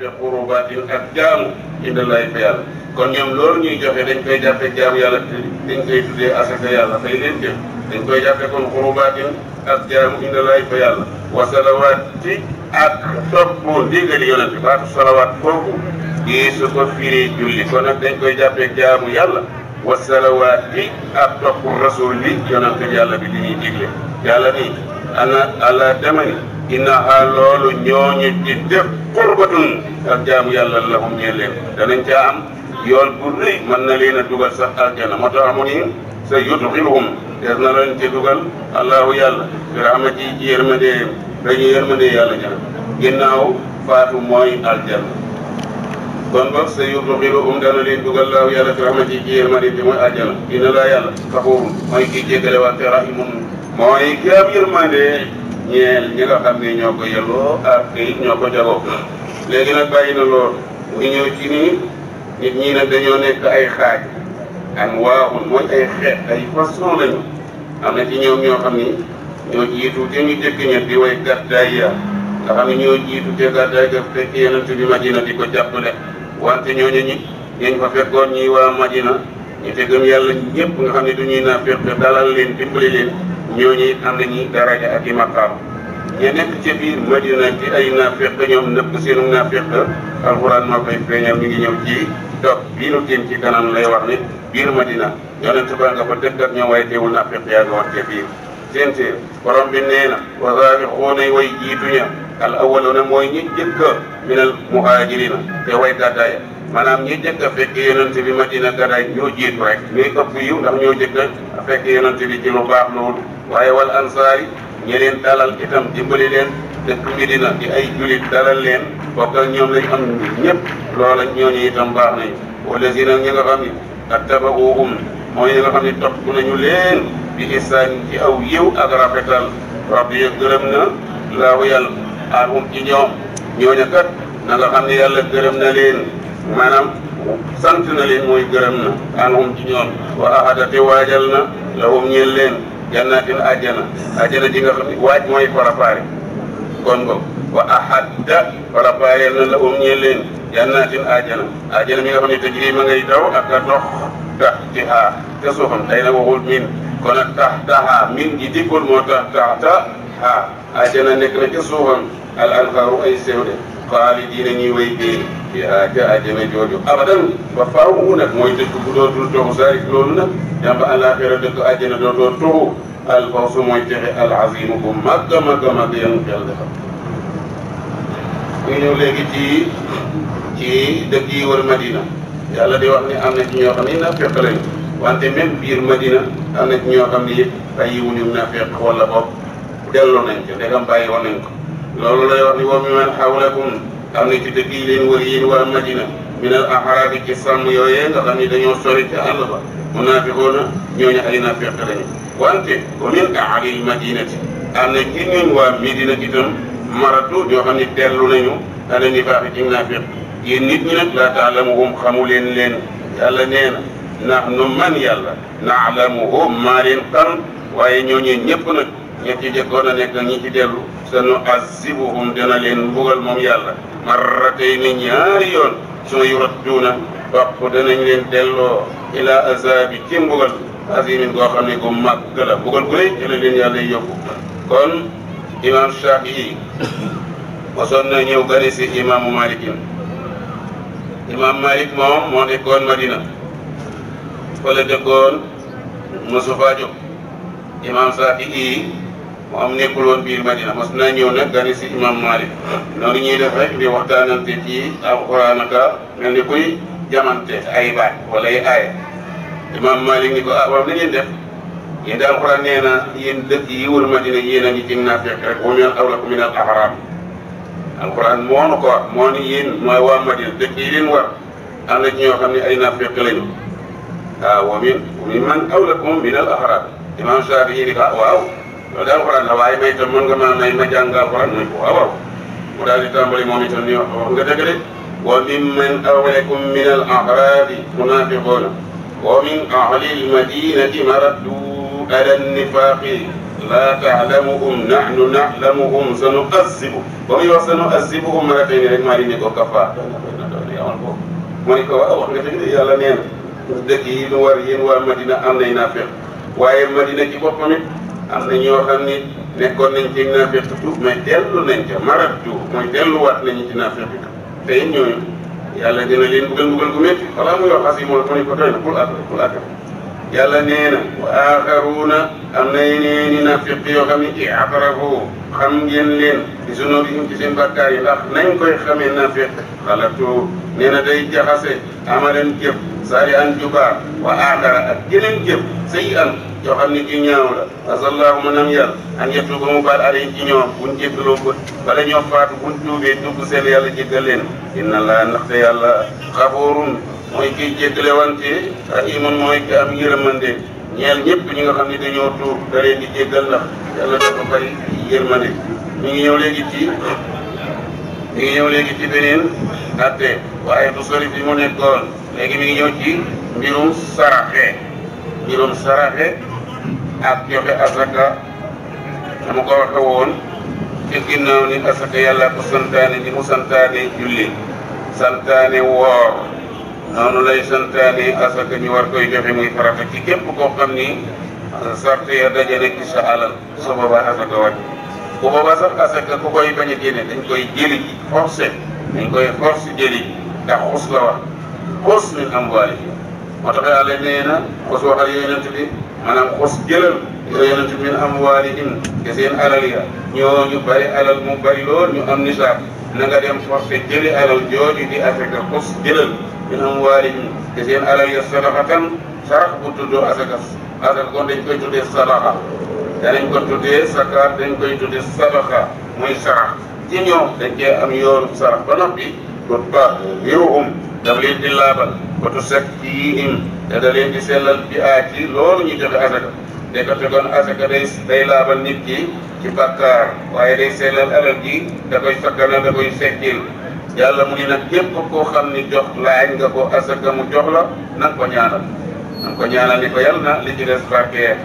jàppe xurubaati ak jaamu inda lay fa yàlla kon ñoom loolu ñuy joxe dañ koy jàppe jaamu yàlla te dañ koy tuddee asaka yàlla fay leen dañ koy jàppe kon xurubaati ak jaamu inda lay fa yàlla wa salawaati ak topp ndigal yonent bi baatu salawaat foofu di su ko firi julli kon nag dañ koy jàppe jaamu yàlla wa salawaati ak topp rasul bi yonent yàlla bi li ñuy yàlla nii ana ala demani innaha loolu ñooñu di def qurbatun ak jaamu yàlla lahum ñeel leen danañ caa am yool bu rëy mën na leen a dugal sax aljana moo tax mu ni sa yudxiluhum des na leen ci dugal allahu yàlla bi rahma ci ci yërmande dañu yërmande yàlla jana ginnaaw faatu mooy aljana kon boog sa yudxiluhum dana leen dugal allahu yàlla bi rahma ci ci yërmande bi mooy aljana dina laa yàlla faxurum mooy kii jéggale waate rahimun mooy ki am yërmande ñeel ñi nga xam ne ñoo ko yelloo ak kayit ñoo ko jagoo léegi nag bàyyi na loolu ñu ñëw ci nii nit ñi nag dañoo nekk ay xaaj am waaxun mooy ay xeet ay façon lañu am na ci ñoom ñoo xam ni ñoo jiitu te ñu jëkk ña di way gàddaay ya nga xam ne ñoo jiitu te gàddaay ga fekk yenent bi Madina di ko jàppale wante ñooñu ñi ñeñ fa fekkoon ñi waa Madina ñu te gëm yàlla ñëpp nga xam ne du ñuy naa fekk dalal leen dimbali leen ñooñu am nañu daraja ak i maqaam ña nekk ca biir madina ci ay naafeq ñoom nëpp seenu naafeq alxuraan moo koy feeñal mi ngi ñëw ci dog bii nu tiim ci kanam lay wax ni biir madina yonent ba nga fa dëkk ak ñoom waaye teewul naafeq yaa ngi woon ca biir seen séer borom bi nee na wa saabixuuna way jiitu ña al awwaluuna mooy ñi jëkk minal muhaajiriina te way gàddaay maanaam ñi jëkk a fekk yonent bi madina gàddaay ñoo jiitu rek ñuy ëpp yiw ndax ñoo a fekk yonent baax loolu waaye wal ansaari ñi leen dalal itam dimbali leen dëkk Medina di ay julit dalal leen bokk ak ñoom lañ am ñëpp loola ñooñu itam baax nañ wala si nag ñi xam ni attabaxuhum mooy ñi xam ni topp nañu leen bi isaan ci aw yiw ak rafetal rabbi ya gërëm na laahu yàlla aanhum ci ñoom ñooñu na nga xam ne yàlla gërëm na leen maanaam sant na leen mooy gërëm na aanhum ci ñoom wa ahadate waajal na lahum ñeel leen yal naa jël ji nga xam waaj mooy préparé kon wa ahadda préparé na la um ñeel leen yal naa jël mi nga xam ne te jii ma daw ak a dox tax ci xaar te suufam tey na waxul min kon ak tax taxaa min ji dikkul moo tax tax tax xaar àjjana nekk na ca suufam al anhaaru ay séw de xaalidina ñuy wéy dee yaa ca àjjana jooju abadan ba faaw nag mooy dëkk bu dootul toxu saa yi loolu nag ñam ba àllaaxira dëkk àjjana dootoo toxu alfawsu mooy texe al azimu bu màgg a màgg a màgg yan xel defal. ñu ñëw léegi ci ci dëkk yi wër Madina yàlla di wax ni am na ci ñoo xam ne naafeq lañ wante même biir Madina am na ci ñoo xam ne it bàyyiwuñu naafeq wala bopp delloo nañ ko ndegam bàyyi woon nañ ko. loolu lay wax ni wa mimman hawlakum am na ci dëkk yi leen wër yéen waa Madina min al ahrabi ci sàmm yooyee nga xam ni dañoo sori ca àll ba munaafiqoona ñooñu ay naafeq lañu wante wa min ahli madinati am na ci ñun waa Medina itam maratu ñoo xam ni dellu nañu ala nifaaxi ci naafiq yéen nit ñi nag laa taalamuhum xamu leen leen yàlla nee na ndax nu man yàlla naalamuhum maa leen xam waaye ñooñu ñëpp nag. ñett ñu jëkkoon a nekk ñi ci dellu sanu azibuhum dina leen mbugal moom yàlla marratay ni ñaari yoon suma yuradduuna topp danañ leen delloo ila azabi ci mbugal azimin goo xam ne gu màgg la mbugal gu rëy ci leen yàlla yóbbu kon imam Shafii mosoon na ñëw gane si imaamu Malik imam Malik moom moo nekkoon Madina fa la dëkkoon mosu faa jóg imam Shafii mu am nekkul biir Madina mas naa ñëw nag gane si imam Malik noonu ñuy def rek di waxtaanante ci alxuraan ak mel ni jamante ay baat wala ay aaya imam Malik ni ko ah waaw li ngeen def yéen alxuraan nee na yéen dëkk yi wër Madina yéen a ngi ci naafeq rek wa man awlakum min al ahraam alxuraan moo nu ko wax moo ni yéen mooy waa Madina dëkk yi leen war am na ci ñoo xam ne ay naafeq lañu waaw ah, wa man awlakum min al ahraam imam Shaafi loolu alxuraan la waaye may itam mën nga ma may ma jàng alxuraan mooy ko waaw mu daal di tàmbali moom itam ni wax nga dëgg de wa mimman awlakum min al ahrabi munafiquna wa min ahli al madinati maraddu ala nifaqi laa taalamuhum nahnu naalamuhum sa nu azibu ba muy wax sa nu azibuhum marratayni rek maa dindi ko kafaar doon na doon na doon na yamal ko mooy ko waaw wax nga dëgg de yàlla nee na dëkk yi nu war yéen waa Madina am nay naafeq waaye Madina ci boppam it am na ñoo xam ni nekkoon nañ ci naafiq tuub mais dellu nañ ca marat tuub mooy delluwaat nañ ci naafiq tey ñooñu yàlla dina leen buggal buggal gu métti wala muy wax as yi moom mu ne ko doy na bul àgg bul yàlla nee na wa aaxaruuna am na yeneen i naafiq yoo xam ni i'tarafu xam ngeen leen di sunoo bi ci seen bàkkaar yi ndax nañ koy xamee naafiq xalaatu nee na day jaxase amaleen jëf sari an jubaa wa aadara ak yeneen jëf an yoo xam ne ju ñaaw la asallahu mu nam yàlla an yettu ba mu baal alayhi ci ñoom buñ jéggaloo ko bala ñoo faatu buñ tuubee dugg seen yàlla jéggal leen inna laa ndaxte yàlla xafoorun mooy kiy jéggale wante rahimun mooy ki am yërmande ñeel ñëpp ñi nga xam ne dañoo tuub da leen di jéggal ndax yàlla dafa bari yërmande ñu ngi ñëw léegi ci ñu ngi ñëw léegi ci beneen atte waaye du sori fi mu nekkoon léegi mi ngi ñëw ci mbirum saraxe mbirum saraxe ak joxe asaka mu ko waxe woon ci ginnaaw ni asaka yàlla ko santaane ni mu santaane julli santaane woor noonu lay santaane asaka ñu war koy joxe muy farata ci képp koo xam ni euh, sart ya daje ci sa alal su boobaa asaka wàcc bu boobaa sax asaka ku koy bañ a génne dañ koy jëli forcé dañ koy force jëli ndax xus la wax xos min amwaalihim moo tax yàlla nee na xos waxal yonent bi maanaam xos jëlal yonent bi min amwaalihim te seen alal ya ñooñu bari alal mu bari lool ñu am nisaab na nga dem forcé jëli alal jooju di asaka xos jëlal min amwaalihim te seen alal ya sadaxatan sarax bu tuddoo asaka asaka kon dañ koy tuddee sadaxa danañ ko tuddee sakaat dañ koy tuddee sadaxa muy sarax ci ñoom dañ cee am yoonu sarax ba noppi pour ba réewum daf leen di laabal watu sec ci te da leen di sellal bi aa ci loolu ñu joxe asaka nekkate kon asaka day day laabal nit ki ci bàkkaar waaye day sellal alal ji da koy sakkana da koy sekkil yàlla mu ni nag képp koo xam ni jox laaj nga ko asaka mu jox la na nga ko ñaanal na nga ko ñaanal ni ko yàlla na li ci des barkeer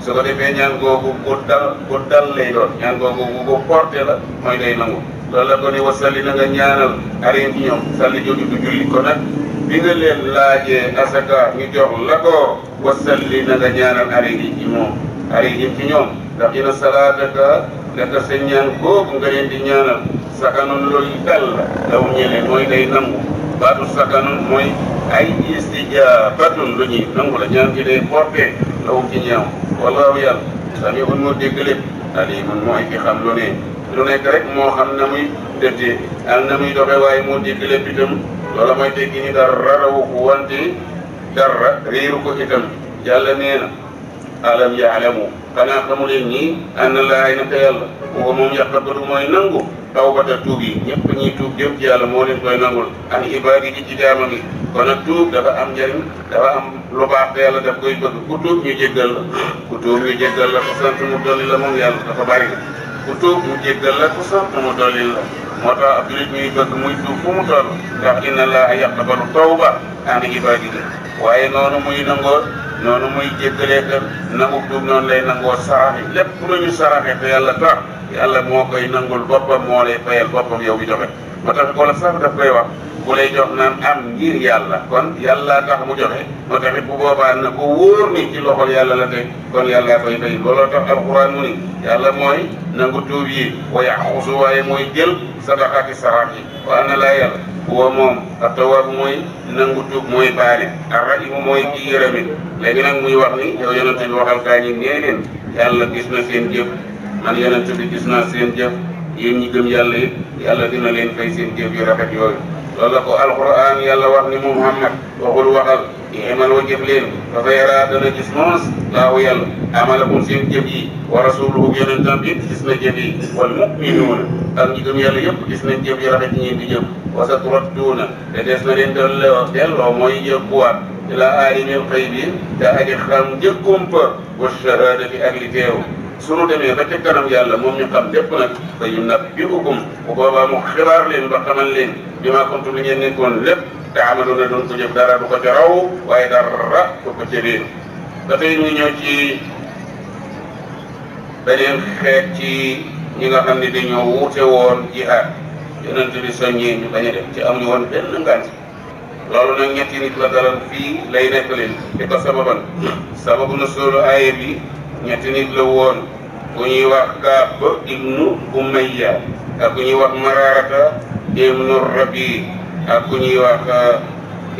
su ko defee ñaan googu bu dal bu dal lay doon ñaan googu bu porté la mooy day nangu loola ko ni wa salli na nga ñaanal aleen ci ñoom salli jooju du julli ko nag bi nga leen laajee asaka ñu jox la ko wa salli na nga ñaanal aleen moom aleen ci ñoom ndax dina salaataka naka sa ñaan boobu nga leen di ñaanal sakanun loolu dal la daw ñeleen mooy day nangu baatu sakanun mooy ay istijaabatun lu ñuy nangu la ñaan ci day porté law ci ñaaw wallaahu yàlla samiun moo dégg lépp alimun mooy ki xam lu ne lu nekk rek moo xam na muy def ci ak na muy doxee waaye moo dégg lépp itam loola mooy dégg ñu dara rawu ko wante dara réeru ko itam yàlla nee na alam yaalamu xanaa xamu leen nii ànd laay naka yàlla ko moom yàqabatu mooy nangu tawbata tuub yi ñëpp ñuy tuub jëm ci yàlla moo leen koy nangul an ibaadi gi ci jaamam yi kon nag tuub dafa am njëriñ dafa am lu baax te yàlla daf koy bëgg ku tuub ñu jéggal la ku tuub ñu jéggal la ko sant mu dolli la ku tuub mu jéggal la ku sant mu dolli la moo tax ab jullit ñuy bëgg muy tuub fu mu toll ndax inna laa yaqbalu tawba an ibaadihi waaye noonu muy nangoo noonu muy jéggalee ka nangu tuub noonu lay nangoo saraxe lépp lu ñu saraxe te yàlla tax yàlla moo koy nangul boppam moo lay fayal boppam yow mi joxe ba tax wala sax daf koy wax ku lay jox naan am ngir yàlla kon yàlla tax mu joxe moo tax it bu boobaa na ko wóor ni ci loxol yàlla la teg kon yàlla koy fay looloo tax alxuraan mu ni yàlla mooy nangu tuub yi wa yaxusu waaye mooy jël sadaqaati sarax yi wa ana laa yàlla huwa moom attawaabu mooy nangu tuub mooy baale arrahimu mooy kii yërëmi léegi nag muy wax ni yow yonent bi waxal ñi nee yàlla gis na seen jëf man yonent bi gis naa seen jëf yéen ñi gëm yàlla it yàlla dina leen fay seen jëf yu rafet yooyu loolu la ko alquran yàlla wax ni mu muhammad waxul waxal imal wa jëf leen fa fa yaraa dana gis noos laahu yàlla amalakum seen jëf yi wa rasuluhu yonentam bi gis na jëf yi wal muminuuna ak ñi gëm yàlla yëpp gis nañ jëf yu rafet yi ñuy di jëf wa sa turadduuna te des na leen delloo delloo mooy yëkkuwaat ila aalimil xëy bi te aji xam njëkkumpa wa shahadati ak li teew su nu demee ba ca kanam yàlla moom ñu xam lépp nag fa yu nabbi'ukum bu boobaa mu xibaar leen ba xamal leen bi maa kuntum li ngeen nekkoon lépp te amaloon na doon ci jëf dara ko ca raw waaye dara du ko ca réer ba tey ñu ñëw ci xeet ci ñi nga xam ni dañu wuute woon jihaad yonent bi soññee ñu bañ a dem ci amuñu woon benn ngànt loolu nag ñetti nit la dalal fii lay nekk leen di ko sababan sababu na sóolu aaye bi ñetti nit la woon ku ñuy wax Kaab ibnu Umayya ak ku ñuy wax Maraarata ibnu Rabi ak ku ñuy wax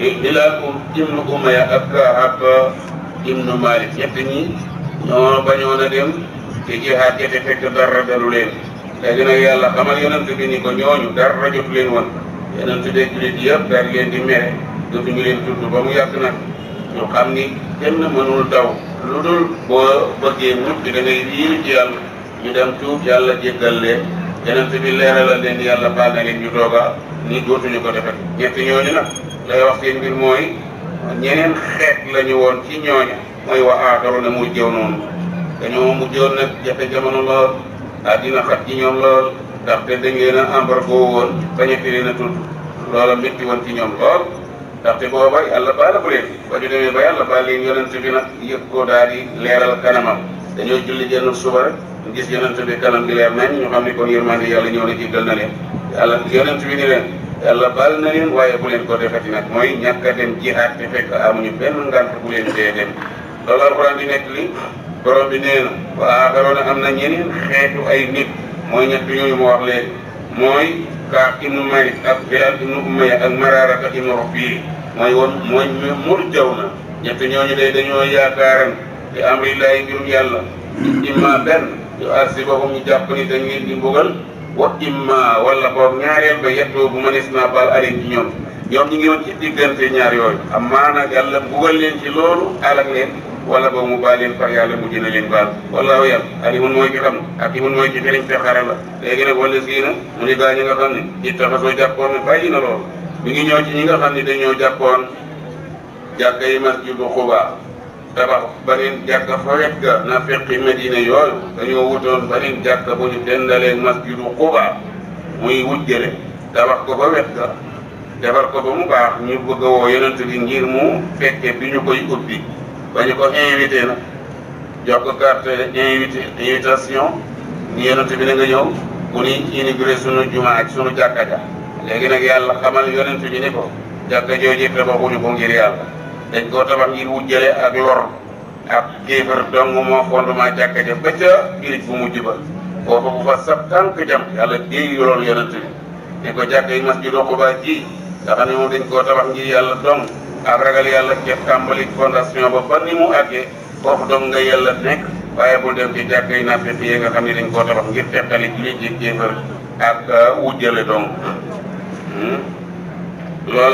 eh, Hilaal ibnu Umayya ak Kaab ibnu Maalik ñett ñi ñoo bañoon a dem ci jihaad te fekk dara dalu leen léegi nag yàlla xamal yonent bi ko ñooñu dara jotu leen woon yonent bi de jullit yëpp daal leen di mere dootuñu leen tudd ba mu yàgg nag ñu xam ni kenn mënul daw lu dul boo bëggee mucc da ngay yiir ci yàlla ñu dem tuub yàlla jéggal leen yeneen bi leeralal leen yàlla baal na ñu doog a ni dootuñu ko defet ñett ñooñu nag lay wax seen mbir mooy ñeneen xeet la woon ci ñooñu mooy wa aakaru ne mu jëw noonu mu mujjoon nag jafe jamono lool àddina xat ci ñoom lool ndaxte dañ leen a embargo woon bañ a fi leen a tudd loola métti woon ci ñoom lool ndaxte booba yàlla baalagu leen ba ñu demee ba yàlla baal leen yonent bi nag yëg ko daal di leeral kanamam dañoo julli jenn suba rek gis yonent bi kanam bi leer nañ ñu xam ne kon yërmande yàlla ñëw na jéggal na leen yàlla yonent bi ni leen yàlla baal na leen waaye bu leen ko defati nag mooy ñàkk a dem jihaat te fekk amuñu benn ngànt bu leen dee dem loolu alxuraan di nekk li borom bi nee na wa aaxaroona am na ñeneen xeetu ay nit mooy ñett ñooñu mu wax leen mooy Kaab ibnu Malik ak Bilaal ibnu Umayya ak Maraara ibnu Rabi'i mooy woon mooy murjaw na ñett ñooñu de dañoo yaakaaran di amrillahi mbirum yàlla imma benn yu asibahum mu jàpp ni dañ leen di mbugal wa imma wala boog ñaareel ba yettoo bu manis naa bal alim ci ñoom ñoom ñu ngi woon ci diggante ñaar yooyu amaana yàlla mbugal leen ci loolu alak leen wala boobu mu baal leen par yàlla mujj na leen baal wallaahu yàlla alimun mooy ki xam ak imun mooy ki firiñ te xare la léegi nag wala sii na mu ni gaa ñi nga xam ne ci taxasoo jàppoon ne bàyyi na loolu mi ngi ñëw ci ñi nga xam ne dañu jàppoon jàkka yi masjidu xubaa tabax baneen jàkka fa wet ga na feqi medina yooyu dañoo wutoon baneen jàkka bu ñu dendalee masjidu xubaa muy wujjale tabax ko ba wet ga defar ko ba mu baax ñu bëgg a woo yonent bi ngir mu fekke bi ñu koy ba ñu ko invité na jox ko carte invité invitation ñu yonent bi na nga ñëw ku ni inauguré sunu juma ak sunu jàkka ja léegi nag yàlla xamal yonent bi ni ko jàkka jooju tabaxuñu ko ngir yàlla dañ koo tabax ngir wujjale ak lor ak kéefar dong moo fondement jàkka ja ba ca ngir bu mujj ba foofu bu fa sab tànk jam yàlla géey loolu yonent bi ni ko jàkka yi masjidul Quba ji nga xam ne moom dañ koo tabax ngir yàlla dong ak ragal yàlla ca tàmbali fondation ba ba ni mu àggee foofu doom nga yàlla nekk waaye bul dem ci jàkkay naafeq yi nga xam ne dañ koo tabax ngir teqali lii ci kéefër ak euh, wujjale donc hmm? la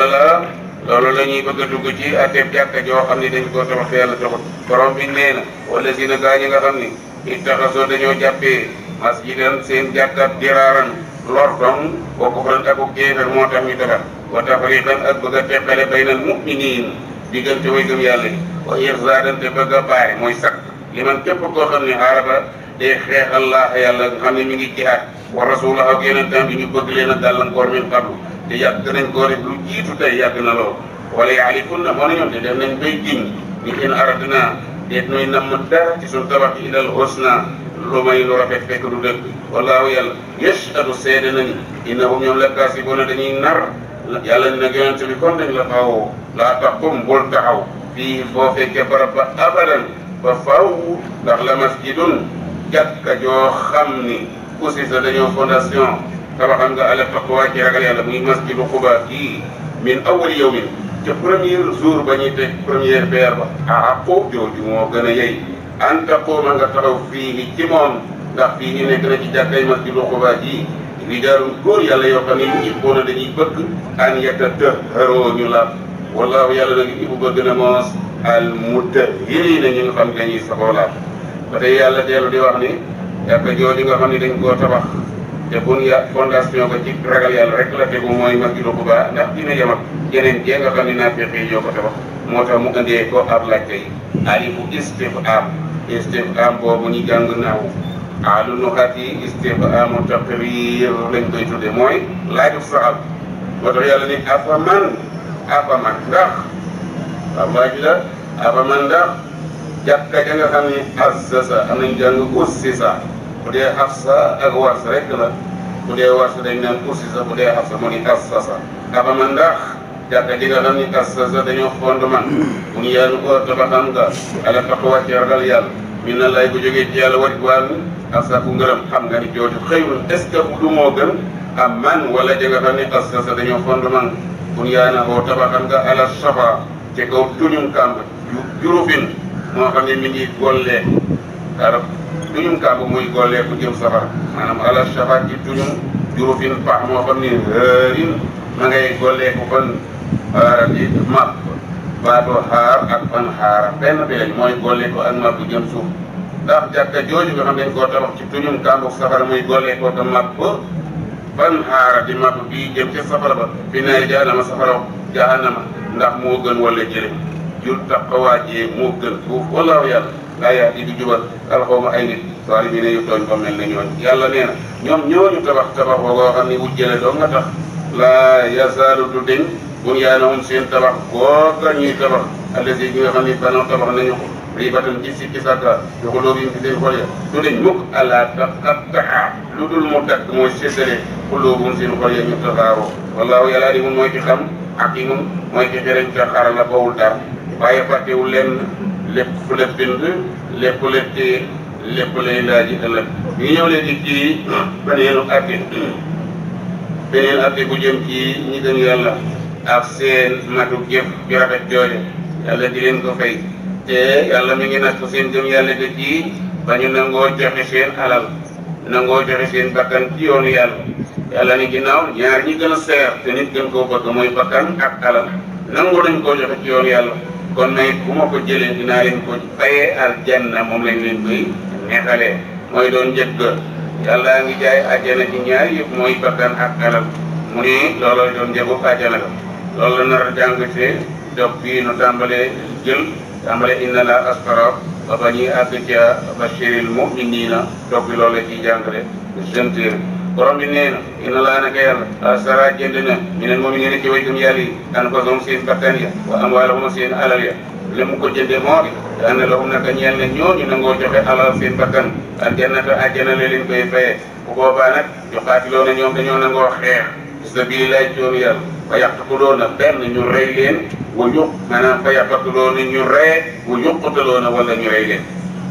loolu la bëgg a dugg ci àtteeb jàkka joo xam ne dañ koo tabax te yàlla taxut borom bi nee na wala dina gaa ñi nga xam ne ittaxasoo dañoo jàppee masjidan seen jàkkaat diraaran lor dong boo ko kon takku moo tax ñu defar wa tafriqan ak bëgg a teqale baynal mu'minin diggante way gëm yàlla yi wa irzaadan te bëgg a baare mooy sakk li man képp koo xam ni araba day xeex allah yàlla nga xam ne mi ngi jihaad wa rasulah ak yonentam bi ñu bëgg leen a gàllankoor min qablu te yàgg nañ koo def lu jiitu tey yàgg na lool wala yaalifunna moo ne ñoom te def nañ bay jim ñi in aradna deet nooy namm dara ci suñ tabax ilal husna lu may lu rafet fekk du dëgg wallaahu yàlla yashhadu seede nañu innahum ñoom lakaasibuuna dañuy nar yàlla nag yonent bi kon dañ la faaw laa taqum bul taxaw fii boo fekkee barab ba abadan ba faaw ndax la masjidun jàkka joo xam ni usisa dañoo fondation tabaxam nga ala taqwa ci ragal yàlla muy masjidu Quba kii min awwali yawmin ca premier jour ba ñuy teg première pierre ba ah ah jooju moo gën a yey. an taquuma nga taxaw fii ci moom ndax fii ñu nekk na ci jàkkay masjidu Xubaa ji rijaalun góor yàlla yoo xam ne ñu ci boona dañuy bëgg an yatatahharoo ñu la wallaahu yàlla da ngi ibu bëgg na moos al mutahhiriina ñu nga xam dañuy saxoo la ba tey yàlla teelu di wax ni jàkka jooju nga xam ne dañ koo tabax te bun ya fondation ko ci ragal yàlla rek la tegu mooy masjidu Xubaa ndax dina yem ak jee nga xam ne naafiq yi ñoo ko tabax moo ko ab laajte yi alifu istifhaam istiqaam boobu ñu jàng naaw aalu nuxaat yi istiqaamu taqrir lañ koy tudde mooy laajub saxal boo tax yàlla ni afa man afa man ndax waaw laaj la afa man ndax jàkka ja xam ni assasa am nañ jàng ussisa bu dee afsa ak wars rek la bu dee wars dañ naan ussisa bu dee afsa mu ni assasa afa man ndax jàkka ji nga xam ni kas sa dañoo fond man mun yaanu ko tabaxam nga ala taqwa ci ragal yàlla min na lay bu jógee ci yàlla waj waan asa ku ngërëm xam nga ni jooju xëyul est ce que bu du moo gën am man wala ni kas sa dañoo fond man mun yaana tabaxam nga ala safa ci kaw tuñum kàmb jurufin moo xam ne mi ngi gollee tuñum kàmb muy gollee ku jëm safara maanaam ala safa ci tuñum jurufin pax moo xam ni hërin ma ngay gollee ku fan arabi màpp baatu xaar ak ban xaara benn bi mooy gollee ko ak màpp jëm suuf ndax jàkka jooju nga xam dañ koo tabax ci tuñum kàmbuk safara muy gollee ko te màpp ban xaara di màpp bii jëm ca safara ba bi naay jahannama safara jahannama ndax moo gën wala jëriñ jur taqawaajee moo gën fuuf wallaahu yàlla laa yaa di du jubal alxawma ay nit soir yi ne yu mel ne ñooñu yàlla nee na ñoom ñooñu tabax tabax boo xam ne wujjale doo nga tax bunyaanahum seen tabax googa ñuy tabax allasi bi nga xam ne banaw tabax nañu ko ribatan ci sikki sàkka yu xulóobihim ci seen xol ya du dañ mukk àla taqattaha lu dul mu dakk mooy séddale ya ñu tasaaroo wallaahu yàlla alimun mooy ki xam ak yi moom mooy ki xereñ ka xaral la bawul dara waaye fàttewul leen lépp ku la bind lépp la téye lépp lay laaji ëllëg ñu ñëw leen di ci beneenu atte beneen atte bu jëm ci ñi gëm yàlla ak seen matuk jëf ju rafet jooju yàlla di leen ko fay te yàlla mi ngi natt seen jëm yàlla de ji ba ñu nangoo joxe seen alal nangoo joxe seen bakkan ci yoonu yàlla yàlla ni ginnaaw ñaar ñi gën a seer te nit gën koo bëgg mooy bakkan ak alal nangu dañ koo joxe ci yoonu yàlla kon nag bu ma ko jëlee dinaa leen ko fayee aljanna moom lañ leen koy neexalee mooy doon njëkk yàlla ngi jaay àjjana ci ñaar yëpp mooy bakkan ak alal mu ne looloo doon njëgu àjjana loolu la nar a jàng ci dox bii nu tàmbalee jël tàmbalee inna la askara ba ba ñuy àgg ca bashiril mu'minina dox bi loolu la ciy jàngale seen téere borom bi nee na inna laa naka yàlla askara jënd na ñu ne moom ñu ne ci way gëm yàlla yi an ko soom seen bakkan ya wa amwaalahum seen alal ya li mu ko jëndee moo di daana lahum naka ñeel ne ñooñu nangoo joxe alal seen bakkan al jannata àjjana la leen koy fayee bu boobaa nag joxaati loolu ñoom dañoo nangoo xeex sabilillahi ci yoonu yàlla fa yaqtuloona benn ñu rey leen wa yuq maanaam fa yaqtuloona ñu ree wa yuqutaloona wala ñu rey leen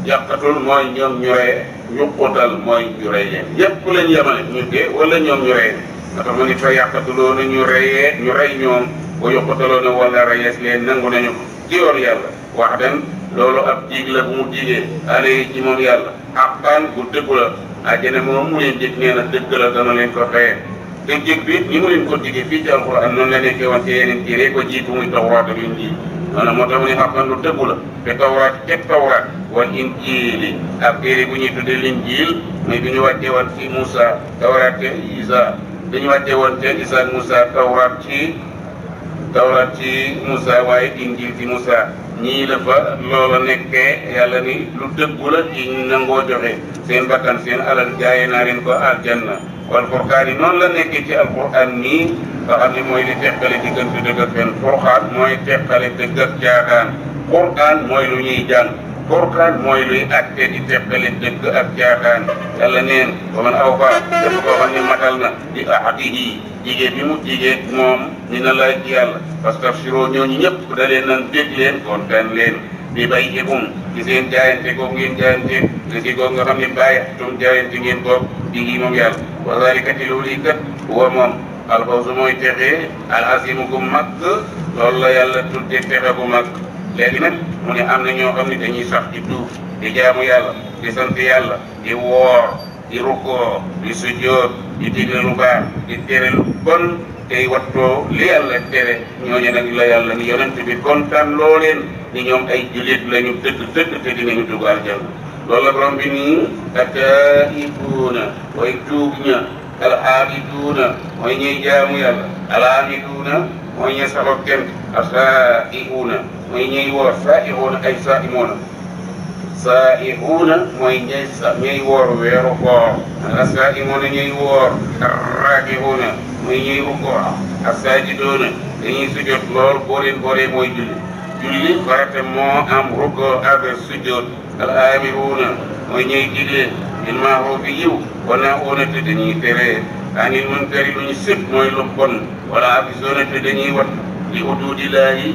yaqatul mooy ñoom ñu ree yuqutal mooy ñu rey leen yépp lañ yemale ñu dee wala ñoom ñu rey nga tax mu nit fa yaqtuloona ñu reyee ñu rey ñoom wa yuqutaloona wala reyees leen nangu nañu ko ci yoon yàlla wax den loolu ab jiig la bu mu jiigee alee ci moom yàlla xaqaan bu dëggu la àjjana moom mu leen jig nee na dëgg la dama leen ko xëyee te jég bi ni mu leen ko digee fii ci alxuraan noonu la nekkee woon ci yeneen téere ko jiitu muy tawraat ak injiil maanaam moo tax mu ne xam lu dëggu la te tawraat teg tawraat wal injiil ak téere bu ñuy tuddee linjiil mais bi ñu wàccee woon ci Moussa tawraat te Isa dañu wàccee ci musa ci Moussa waaye ci Moussa ñii dafa loola nekkee yàlla ni lu dëggu la ci ñu nangoo joxe seen bakkan seen alal jaaye naa leen ko aljan aljanna wal furqaan yi noonu la nekkee ci alquran nii nga xam ne mooy li teqale diggante dëgg ak fenn furqaan mooy teqale dëgg ak jaaxaan quraan mooy lu ñuy jàng Burkaan mooy luy àtte di teqale dëgg ak jaataan yàlla neen wa man aw faa def koo xam ne matal na di ahdihi jigéen bi mu jigéen moom ni na laaj ci yàlla parce que siroo ñooñu ñëpp da leen nan dégg leen kontaan leen bi bay ikum ci seen jaayante googu ngeen jaayante te si nga xam ne bàyyi tum jaayante ngeen googu di moom yàlla wa zalika ci loolu yi kat wa moom alfawzu mooy texe al asimu gu mag loolu la yàlla tudde texe bu mag léegi nag mu ne am na ñoo xam ne dañuy sax di tuub di jaamu yàlla di sant yàlla di woor di rukkoo di sujjóot di digle lu baax di tere lu bon tey wattoo li yàlla tere ñooñu nag la yàlla ni yonent bi kontaan loo leen ni ñoom ay jullit lañu dëgg dëgg te dinañu dugg aljanna loolu la borom bi nii ataa'ibuuna way tuub ña al aabiduuna mooy ñuy jaamu yàlla al aabiduuna mooy ñi sabab dem ak saa ihuuna mooy ñiy woor saa ihuuna ay saa imoona saa ihuuna mooy ñiy sa ñiy woor weeru koor ak saa imoona ñiy woor raakihuuna mooy ñiy rukkoo ak saa jidoona dañuy sujjot lool boo leen boolee mooy julli julli farata moo am rukkoo ak sujjoot al aamiruuna mooy ñuy digle bil maaruf bi yiw wala oona te dañuy tere anil munkari lu ñu sëpp mooy lu bon wala afisoona te dañuy wat li uduudillaahi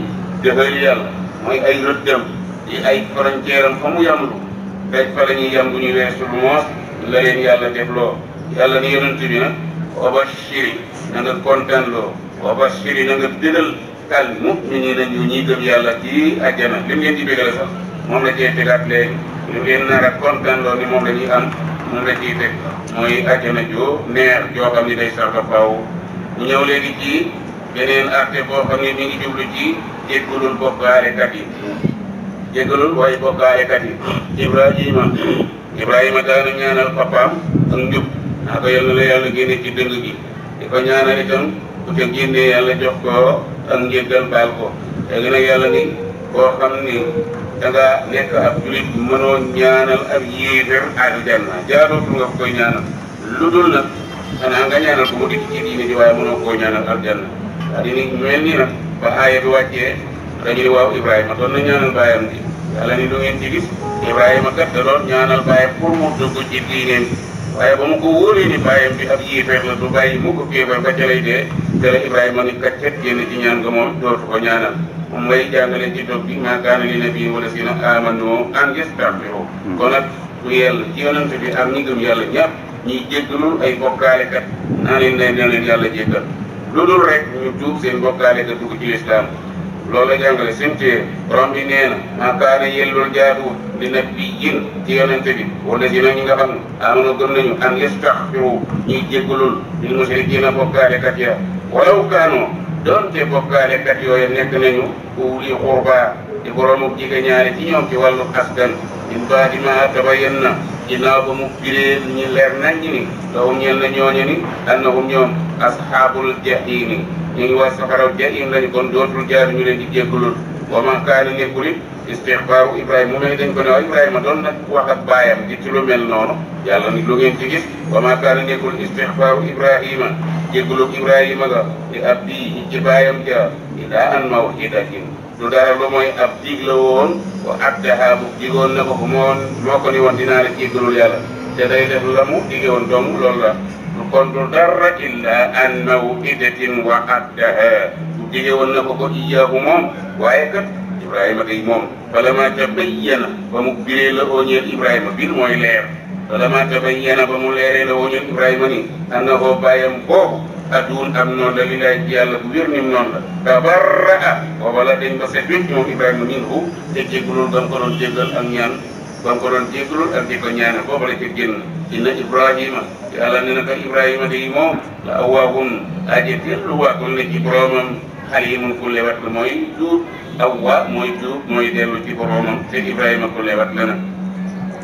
dëxal yàlla mooy ay rëddam di ay frontière am fa mu yamlu fekk fa la ñuy yam bu ñu weesu la leen yàlla def loo yàlla ni yonent bi nag wa bashiri na nga kontaan loo wa bashiri na nga dëgal almu'miniina ñu ñuy gëm yàlla ci àjjana lim ngeen ci bégale sax moom la cee tegaat léegi ñu ngeen nar a kontaan loolu ni moom la ñuy am moom la ciy teg mooy àjjana joo neer joo xam ni sax ba faaw ñu ñëw léegi ci beneen arte boo xam ne mi ngi jublu ci jéggalul bokkaalekat yi jéggalul waaye bokkaalekat yi Ibrahima Ibrahima daana ñaanal papaam ak njub naa ko yàlla la yàlla génne ci dëng gi di ko ñaanal itam bu ca génnee yàlla jox ko ak njéggal baal ko léegi nag yàlla ni koo xam ni da nekk ab julit mënoo ñaanal ab yéefér aljanna jaadootul nga koy ñaanal lu dul nag xanaa nga ñaanal ko mu dikk ci diine ji waaye mënoo koo ñaanal aljanna waa di ni mel ni nag ba aaya bi wàccee dañu ne waaw Ibrahima doon na ñaanal baayam di yàlla ni lu ngeen ci gis Ibrahima kat da doon ñaanal baayam pour mu dugg ci diineem waaye ba mu ko wóolee ni bàyyam bi ab yéefeer la du bàyyi mu ko kéefar ba ca lay dee ca la Ibrahima ni kaccat génn ci ñaan nga moom dootu ko ñaanal moom ngay jàngale ci dog bi maa kaana li nabi wala si na amanu an yastaghfiru kon nag ku yàlla ci yonent bi ak ñi gëm yàlla ñàpp ñiy jéggalul ay bokkaalekat naa leen ne na leen yàlla jéggal lu dul rek ñu tuub seen bokkaalekat dugg ci lislaam loolu la jàngale suñ ci borom bi nee na maa kaana yellul jaaduwut li nabiyyin ci yonente bi wala si ñi nga xam ne amanu gëm nañu an yastaxfiru ñuy jéggalul lil musrikiina bokkaalekat ya walaw kaanoo doonte bokkaalekat yooyu nekk nañu ulii xurbaa di boroomu jege ñaare ci ñoom ci wàllu askan min baadi maa na ginnaaw ba mu biree ñi leer nañ ñi ni lawum ñeel na ñooñu ni annahum ñoom ashaabul jahiimi ñu ngi waa safaraw jën in lañu kon dootul jaar ñu leen di jéggalul wa ma kaana nekkul it istixfaaru Ibrahima mu mel dañ ko ne waaw Ibrahima doon nag wax baayam di ci lu mel noonu yàlla ni lu ngeen ci gis wa ma kaana nekkul istixfaaru Ibrahima jéggalul Ibrahima nga di ab di ci baayam ja ilaa an maw'idatin du dara lu mooy ab dig la woon wa abdaha bu digoon na ko fu moo ko ni woon dinaa la jéggalul yàlla te day def la mu dige woon dong loolu kon dara illa an maw'idatin wa'adaha jege woon na ko ko iyaahu moom waaye kat Ibrahima kay moom falamaa tabayyana ba mu biree la oo ñeel Ibrahima mooy leer falamaa tabayyana ba mu leeree la oo ñeel Ibrahima ni annahu bàyyam boobu aduun am noonu la lillaay ci yàlla bu wér nim noonu la tabarra'a booba la dañ ko set wécc moom Ibrahima minhu te jégalul ba ko doon jégal ak ñaan ba ko doon jégalul ak di ko ñaanal inna ibrahima yàlla ne na ko ibrahima day moom la awaabun aje delluwaatoon na ci boroomam xalimun ku lewat la mooy juub awwa mooy juub mooy dellu ci boroomam te ibrahima ku lewat la na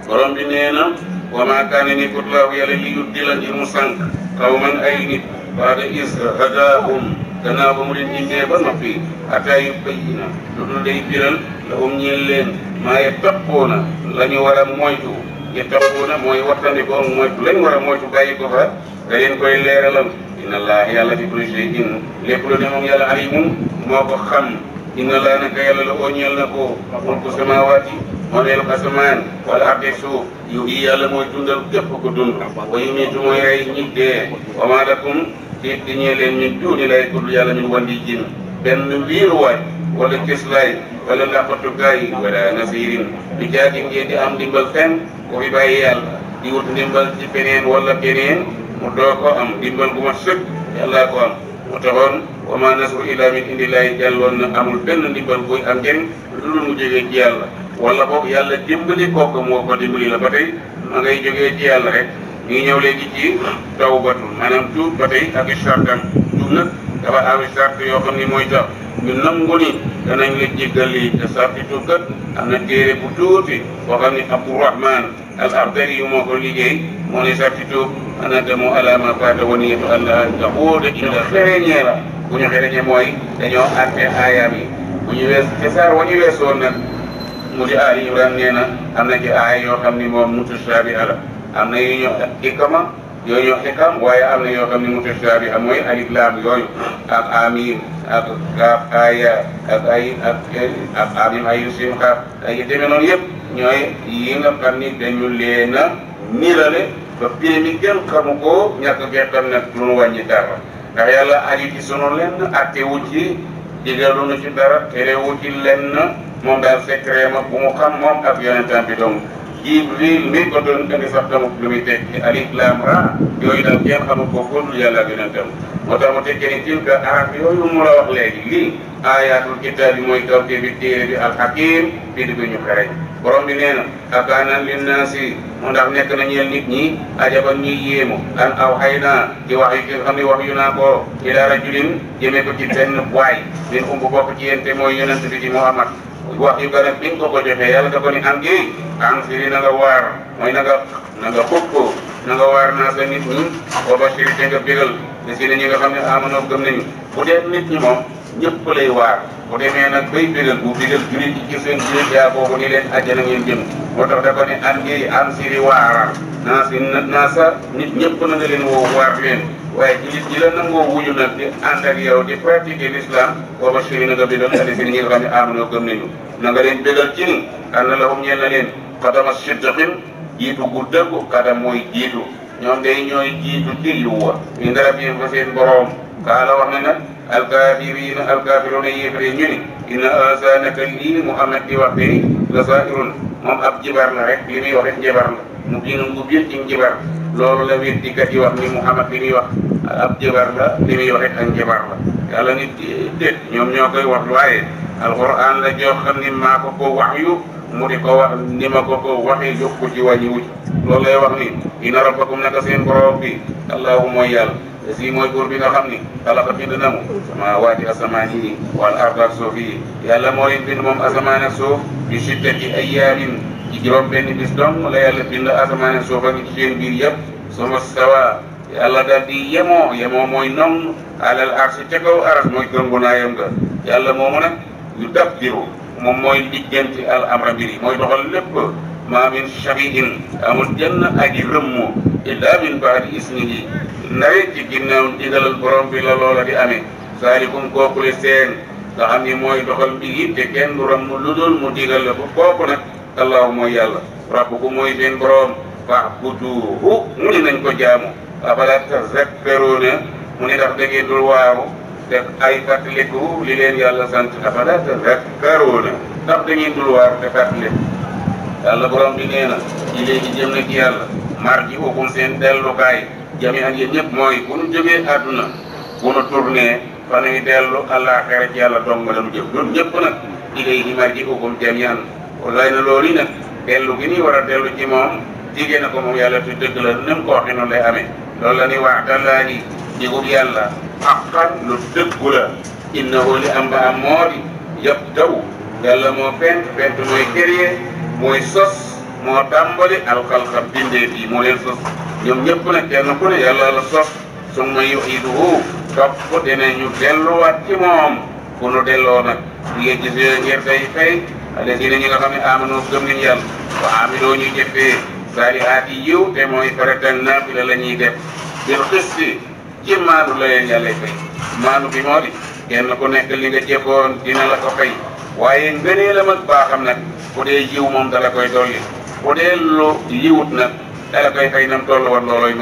borom bi nee na wa maa kaana ni kutlaahu yàlla li yuddila ngir mu sànq qawman ay nit baada is hadaahum gannaaw ba mu leen indee ba noppi a yu bëy na lu dul day biral la um ñeel leen maa ye toppoona la ñu war a li taxuuna mooy wattandikoo mooy lañ war a moytu bàyyi ko fa da leen koy leeralal inna allah yàlla fi kulli shay'in lépp lu ne moom yàlla alimu moo ko xam inna allah naka yàlla la oññal na ko xulqu samawaati moo neelu asamaan wala arde suuf yu yi yàlla mooy dundal képp ko dund wa yumiitu mooy rey ñi dee wa maa di di ñee leen min duuni lay kudd yàlla min wandi jin benn wiiruwaay wala cëslaay wala làqatukaay wala nasirin du jaagin ngeen di am ndimbal fenn ku fi bàyyi yàlla di wut ndimbal ci beneen wala beneen mu doo ko am ndimbal gu ma sëkk yàllaa ko am mu taxoon wa ma nasru illa min indillahi jàlloon na amul benn ndimbal buy am njëriñ lu dul mu jógee ci yàlla wala boog yàlla dimbali kooku moo ko dimbali la ba tey ma ngay jógee ci yàlla rek ñu ngi ñëw léegi ci tawbatu maanaam tuub ba tey ak i sartam tuub nag dafa am sàrt yoo xam ni mooy tax ñu nangu ni danañ la jéggal lii te sàrt yi kat am na téere bu tuuti boo xam ni Abdourahman al Ardari yu moo ko liggéey moo ne sàrt yi tuub ana damu ala ma faata wa niyatu an laa taxuuda illa xereñee la bu ñu xereñee mooy dañoo àtte aayaam yi bu ñu wees te saar wa ñu weesoon nag mu di aali Imran nee na am na ci aaya yoo xam ni moom mutashaabiha la am na yu ñu ikama yooyu ñuy wax liqaam waaye am na yoo xam ne mu bi am mooy alif laam yooyu ak amiim ak gaaf aya ak ay ak ak amiim ay sim xaaf ay yu demee noonu yëpp ñooy yi nga xam ni dañu leen a niirale ba pire mi gën xamu ko ñàkk gee xam nag lu nu wàññi dara ndax yàlla aju ci sunu lenn atte wu ci digalu nu ci dara tere wu ci lenn moom daal secret ma bu mu xam moom ak yonentam bi dong Jibril mi ko doon indi sax tamit lu muy tekki alif laam yooyu daal kenn xamul ko yàlla gën a dem moo tax mu tekkee ni tilka araf yooyu mu la wax léegi lii ayatul kitaab bi mooy tawte bi téere bi al hakim bind bi ñu xereñ borom bi nee na akaana linnaasi mu ndax nekk na ñeel nit ñi ajaban ñuy yéemu an aw xay naa ci wax yu ki xam ne wax yu naa ko ila rajulin jëmee ko ci benn waay min umbu bokk ci yéen te mooy yonent bi di Muhammad wax yu gën bi nga ko ko jotee yàlla da ko ni am gi am si na waar mooy na nga na nga xub ko na nga waar naa sa nit ñi ba bashir te nga bégal li si ne ñi nga xam ne amano gëm nañu bu dee nit ñi moom ñëpp waar bu demee nag bay bégal bu bégal jullit yi ci seen yaa boobu ni leen àjjana ngeen jëm moo tax da ko ne an ngiri an siri waara naa si naa sa na nga leen woo waar leen waaye jullit yi la nangoo wuñu nag di ànd ak yow di pratiquer l'islam wa bashiri na nga bégal ali sin ñi nga xam ne aamuna gëm nañu na nga leen bégal ci nu ànd la xum ñeel na leen xadama sidqin jiitu gu dëggu kadam mooy jiitu ñoom day ñooy jiitu dillu wa ñu ndarab qaala wax na nag alkaafiriina alkaafiruuna yéefare ñu ni inna asa naka lii Muhammad di wax tey la saahirun moom ab jibar la rek li muy wax it jibar la mu gën a ngub yëpp jibar loolu la weddikat yi wax ni Muhammad li muy wax ab jibar la li muy wax it ak jibar la yàlla nit déet ñoom ñoo koy wax waaye alquran la joo xam ni maa ko wax yu mu di wax ni ma ko ko waxee jox ko ci wàññi wuj loolu lay wax ni inna rabbakum naka seen borom bi allahu te sii mooy buur bi nga xam ni xalaqa bind na mu samaawaati asamaan yi wal arda ak suuf yàlla moo leen bind moom asamaan ak suuf bi sittati ayyaamin ci juróom benn bis dong la yàlla bind asamaan ak suuf ak ci seen biir yëpp suma stawa yàlla daal di yemoo yemoo mooy noŋ alal arsi ca kaw aras mooy gëngunaayam nga yàlla moomu nag yu dab biru moom mooy diggante al amra mbir yi mooy doxal lépp maa min shabihin amul jenn aji rëmmu illaa min baadi isnihi nawet ci ginnaaw ndigalal borom bi la loola di amee saalikum kookule seen nga xam ni mooy doxal mbir yi te kenn du lu dul mu digal la ko kooku nag allahu mooy yàlla rabbukum mooy seen borom fa'buduhu mu ne nañ ko jaamu afala tazakkaruuna mu ne ndax da ngeen dul waaru te ay fàttaliku li leen yàlla sant afala tazakkaruuna ndax da ngeen dul waaru te fàttaliku yàlla borom bi nee na ci léegi jëm na ci yàlla mar ji waxum seen dellukaay jami ak yéen mooy bu ñu jógee àdduna bu nu tourné fa nuy dellu àllaaxira ci yàlla dong la nu jëm ñun ñëpp nag ilayhi marji'ukum jamii'an lay na loolu yi nag dellu gi ñuy war a dellu ci moom jigée na ko moom yàlla te dëgg la ni mu ko lay amee loolu la ñuy wax dallaa yi digub yàlla haqqan lu dëggu la innahu li am ba am moo di yëpp taw yàlla moo fent mooy sos moo tàmbali alxalxal bindeef yi moo leen sos ñoom ñëpp nag kenn ku ne yàlla la sos summa yu'iiduhu topp dinañu delluwaat ci moom ku nu delloo nag ñi ngeen gis yooyu ngeen tey fay alladina ñi nga xam ne amanoo gëm nañu yàlla wa amiloo ñu jëfee saalihaat yi yiw te mooy farata naafila la ñuy def bil xisti ci maanu la leen yàlla fay maanu bi moo di kenn ku nekk li nga jëfoon dina la ko fay waaye ngëneelam ak baaxam nag bu dee jiw moom dala koy dolli bu dee lu yiwut nag dala koy fay nam toll woon loolooy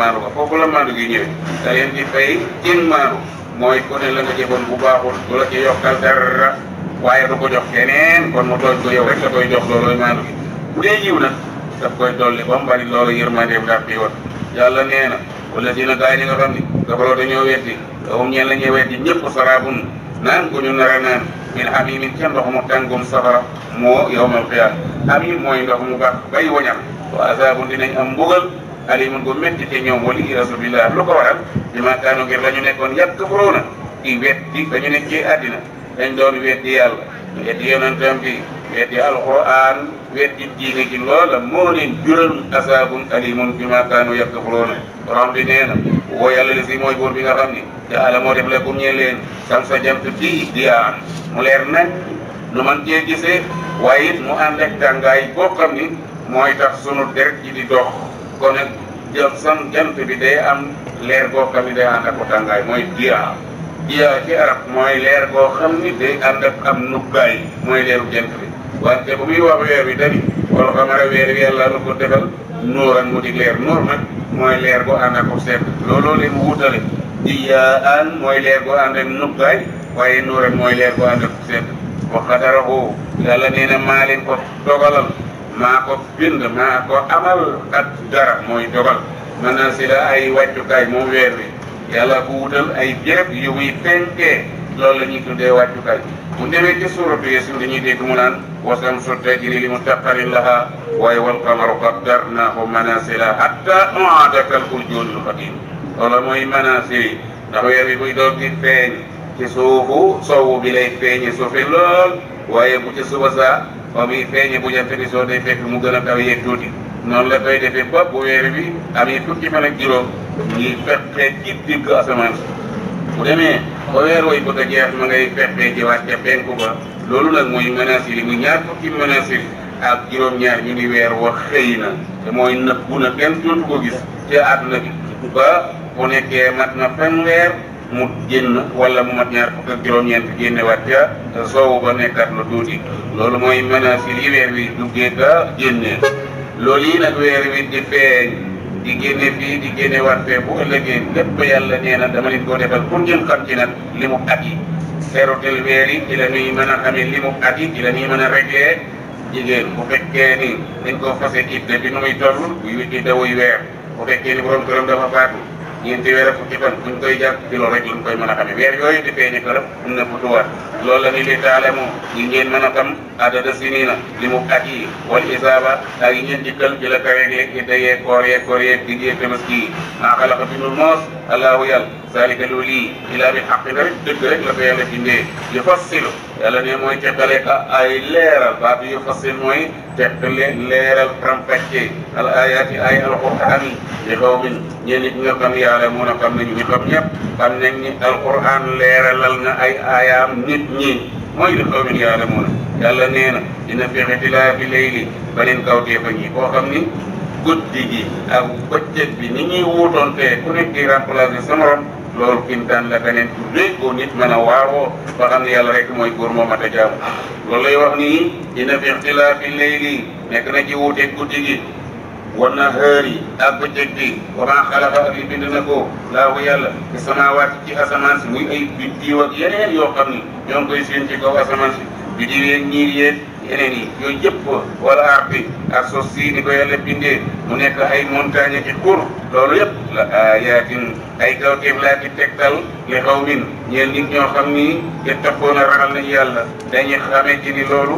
gi ñëwee da leen di fay cin maandu mooy ku ne la nga jëfoon bu baaxul du la ci yokkal dara waaye du ko jox keneen kon mu tooñ ko yow rek la koy jox loolooy maandu gi bu dee yiw nag daf koy dolli ba mu bari loolu yërmandeem daal di woon yàlla nee na wala dina gaa yi nga xam ni dafa loo dañoo weddi dawum ñeen la ñuy weddi ñëpp saraabun naan gu ñu nar a naan min hamimin ca ndox mu tàngum safara moo yawmal qiyaam hamim mooy ndox mu bax bay wañam wa azaabun dinañ am mbugal alimun gu métti ci ñoom wali rasulilah lu ko waral bi ma kaanu ngir la nekkoon yàq furóo na di wet di dañu nekk ci àddina dañ doon wet di yàlla weddi yonentam bi weddi alquran weddi diine ji loola moo leen jural asaabun alimun bi ma kaanu yakfuruuna borom bi nee na woo yàlla si mooy buur bi nga xam ni jaala moo def lakum ñeen leen sam sa jant bii di am mu leer nañ lu man cee gisee waaye it mu ànd ak boo xam ni mooy tax sunu deret ji di dox kon sam jant bi day am leer boo xam ni day ànd ak ko tàngaay mooy di am jeewa ci arab mooy leer boo xam ni day ànd ak am nuggaay mooy leeru jant bi wante bu weer wi tamit wala xamara weer wi yàlla nu ko defal nuuran mu di leer nuur nag mooy leer boo ànd ak seet looloo leen wutale diyaan mooy leer boo ànd ak nuggaay waaye boo ànd ak yàlla nee na maa dogalal maa ko bind maa ko amal ak dara mooy dogal mën naa si la ay wàccukaay moom weer wi yàlla ko wutal ay jéeg yu muy fenkee loolu la ñuy tuddee wàccukaay bu demee ci suuratu Yaasiin dañuy dégg mu naan wa shamsu tajrii li mustaqarrin lahaa waaye wal qamara qaddarnaahu manaazila hattaa aada kal urjuunil qadiim loolu mooy manaazil ndax weer bi buy doog di feeñ ci suufu sowu bi lay feeñi lool waaye bu ci suba saa fa muy feeñi bu jant soo day fekk mu gën a kawe yeeg tuuti noonu la koy defee ba bu weer bi amee fukki fan ak juróom ñuy fexe ci digg asamaan bu demee ba weer way bëgg a jeex ma ngay fexe ci wàcce penku ba loolu nag mooy menaces yi bu ñaar fukki menaces ak juróom-ñaar ñu ngi weer wax xëy na te mooy nëbbu na kenn dootu ko gis te àdduna bi ba bu nekkee mat na fan weer mu génn wala mu mat ñaar fukk ak juróom-ñeent génne waat te soowu ba nekkaat lu tuuti loolu mooy menaces yi weer wi duggee ka génnee. loolu yi nag weer wi di feeñ di génne fii di génne waat fee bu ëllëgee lépp yàlla nee na dama leen ko defal pour ngeen xam ci nag li mu at yi teerutel weer yi ci la ñuy mën a xamee li mu at yi ci la ñuy mën a réglé jigéen bu fekkee ni dañ ko fase idda bi nu muy toll buy witti dawuy weer bu fekkee ni borom këram dafa faatu ñeenti weer ak fukki fan buñ koy jàpp ci rek lañ koy mën a xamee weer yooyu di feeñe ko rek mun na futuwaat loolu la ni li taale moom ñu ngeen mën a xam sinina li mu at yi wal isaaba ak yi ngeen dikkal bi la kawe yeeg ite yeeg koor yeeg koor yeeg digg yeeg tabaski yi maa xalaqa bindul moos allahu yàlla zalika loolu yi ilaa bi xaq rek dëgg rek la ko yàlla bindee yu fassilu yàlla ne mooy teqale ka ay leeral baatu yu fassil mooy tettale leeral trampacce al ayaati ay alquran yi li xaw min ñeen ñi nga xam yàlla mun a xam nañu ñu xam ñëpp xam nañ ni alquran leeralal na ay ayaam nit ñi mooy li xaw min yàlla a yàlla nee na dina fexe tilaa fi layli beneen kaw teefa ñi koo xam ni guddi gi ak bëccëg bi ni ñuy wuutoon te ku nekk di remplacer sa morom loolu kimtaan la beneen bu dee ko nit mën a waaroo ba xam yàlla rek mooy góor moo mat a jaamu loolu lay wax nii dina fi ixtilaafi leyli nekk na ci wuuteeg guddi gi wa nahaari ak bëccëg bi wa maa xalaqa ak li bind na ko laahu yàlla ci samaawaat ci asamaan muy ay biddiiw ak yeneen yoo xam ni ñoo ngi koy séen ci kaw asamaan si biddiiw yeeg ñiir yeeg yeneen yi yooyu yëpp wala arbi ak suuf si ni ko yàlla bindee mu nekk ay montagne ci xur loolu yëpp la yaatin ay kawteef laa ci tegtal li xaw min ñeen nit ñoo xam ni yëpp taxoon a ragal nañu yàlla dañuy xamee ci ni loolu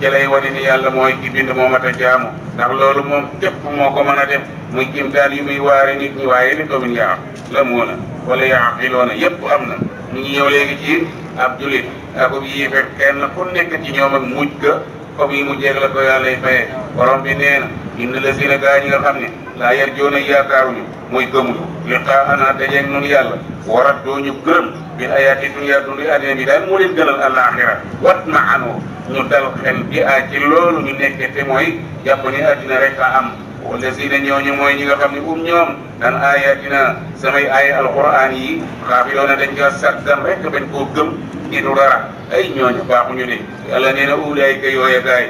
jëlay wane ni yàlla mooy ki bind moo mat a jaamu ndax loolu moom képp moo ko mën a def muy kéemtaan yu muy waare nit ñi waaye ni doomin yaa lamuuna wala yaaqiloona yëpp am na ñu ngi ñëw léegi ci ab julit akub yii fekk kenn ku nekk ci ñoom ak mujj ga comme yi mu jeeg la ko yàlla lay fayee borom bi nee na la sina gaa ñi xam ne laa yar joona yaakaaruñu mooy gëmuñu liqaaxanaa dajeeg nun yàlla warat dooñu gërëm bil ayaati dunya dundi àddina bi daal moo leen gënal alaaxira wat na anoo ñu dal bi a ci loolu ñu nekkee te mooy jàpp ni àddina rek a am wala si ne ñooñu mooy ñi nga xam ne um ñoom dan ayatina samay aaya alquran yi xaafiloona dañ ko sàggan rek bañ koo gëm gi du dara ay ñooñu baaxuñu de yàlla nee na ulayka yooya gaay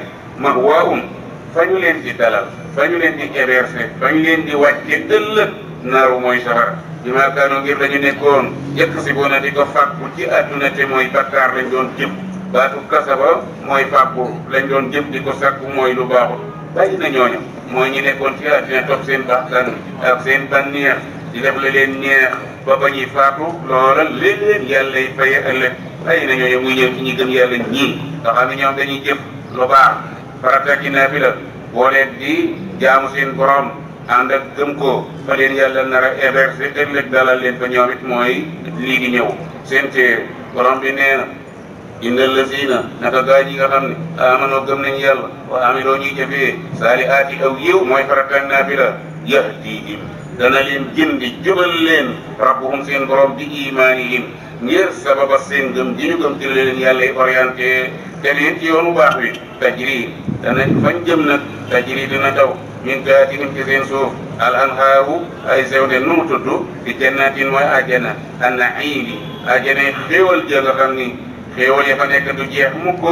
fa ñu leen di dalal fa ñu leen di héberger fa ñu leen di wàcce ëllëg naaru mooy safara bi maa kaanoo ngir dañu nekkoon jëkk si boona di ko fàkku ci àdduna te mooy bakkaar lañ doon jëm baatu kasaba mooy fàkku lañ doon jëm di ko sàkku mooy lu baaxul bàyyi na ñooñu mooy ñi nekkoon ci àdduna topp seen bakkan ak seen bànneex di def la leen neex ba ba ñuy faatu loola leen yàlla yi faye ëllëg bàyyi na ñooñu muy ñëw ci ñi gëm yàlla ñii nga xam ne ñoom dañuy jëf farata ki naafila boo leen di jaamu seen borom ànd ak gëm ko fa leen yàlla nar a héberger ëllëg dalal leen fa ñoom mooy lii ñëw seen teew borom bi nee na inna naka gaa ñi xam ne amanoo gëm nañu yàlla wa amiloo ñuy jëfee saali aati aw yiw mooy farata ak naafila yahdihim dana leen jëndi jubal leen rabbuhum seen borom di imaanihim ngir sababa seen gëm ji ñu gëm ci leen yàlla yi ci yoonu baax wi tajri danañ fañ jëm nag tajri dina daw min taatihim ci seen suuf al anhaaru ay sew de nu mu tudd di jannatin mooy ajjana an naimi ajjana xéewal ja nga xam ni xéewal ya fa nekk du jeex mukk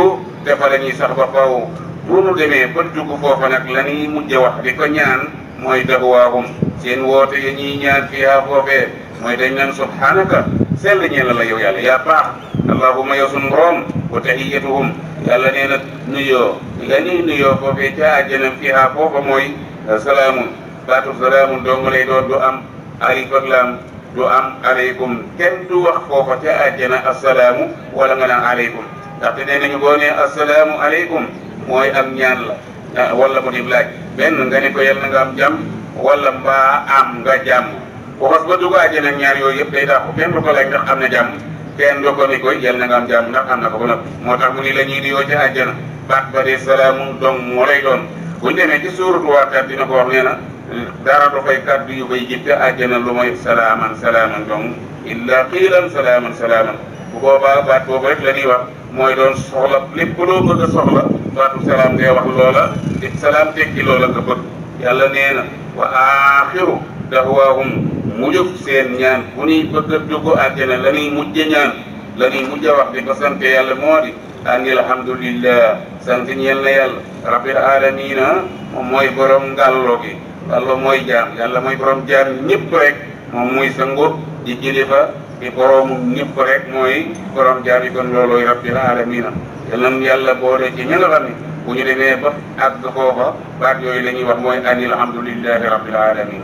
te fa la ñuy sax ba faw bu nu demee ba dugg foofa nag la ñuy mujj wax di ko ñaan mooy daxwaahum seen woote ya ñuy ñaan fiihaa foofee mooy dañ naan subhaanaka sell ñeel la yow yàlla yaa baax allahuma yow sunu borom wa tahiyatuhum yàlla nee na nuyoo ya ñuy nuyoo foofee ca àjjanam fiha foofa mooy salaamun baatu salaamun dong lay ndaxte nee nañu boo assalaamu aleykum mooy am ñaan la ah, wala mu dim laaj benn nga ne ko yàlla nga am jàmm wala mbaa am nga jàmm bu xas ñaar yooyu yëpp day tax kenn du am na jàmm kenn du ko ni na nga am moo tax mu ni la ñuy nuyoo baat ba de salaamu moo lay doon bu ñu demee ci suuratu Waaqia dina ko wax nee na dara du fay kàddu yu koy jib te àjjana lu mooy salaaman salaaman dong illa qiilan boobaa baat boobu rek la ñuy wax mooy doon soxla lépp loo bëgg a soxla baatu salaam ngay wax loola di salaam tekki loola nga bëgg yàlla nee na aaxiru daxwaahum mujjug seen ñaan bu ñuy bëgg a dugg la ñuy mujj ñaan la ñuy mujj wax di ko sant yàlla moo di ani alhamdulillah sant ñeel na yàlla rabbil alamina moom mooy borom ngàllo gi yàlla mooy jaam yàlla mooy borom jaam ñëpp rek moom muy sangu di kilifa di boroomu ñëpp rek mooy borom jaam yi kon loolooy rabbil alamina te yàlla boole ci ña nga bu ñu demee ba àgg foofa baat yooyu la ñuy wax mooy alhamdulillahi rabbil alamin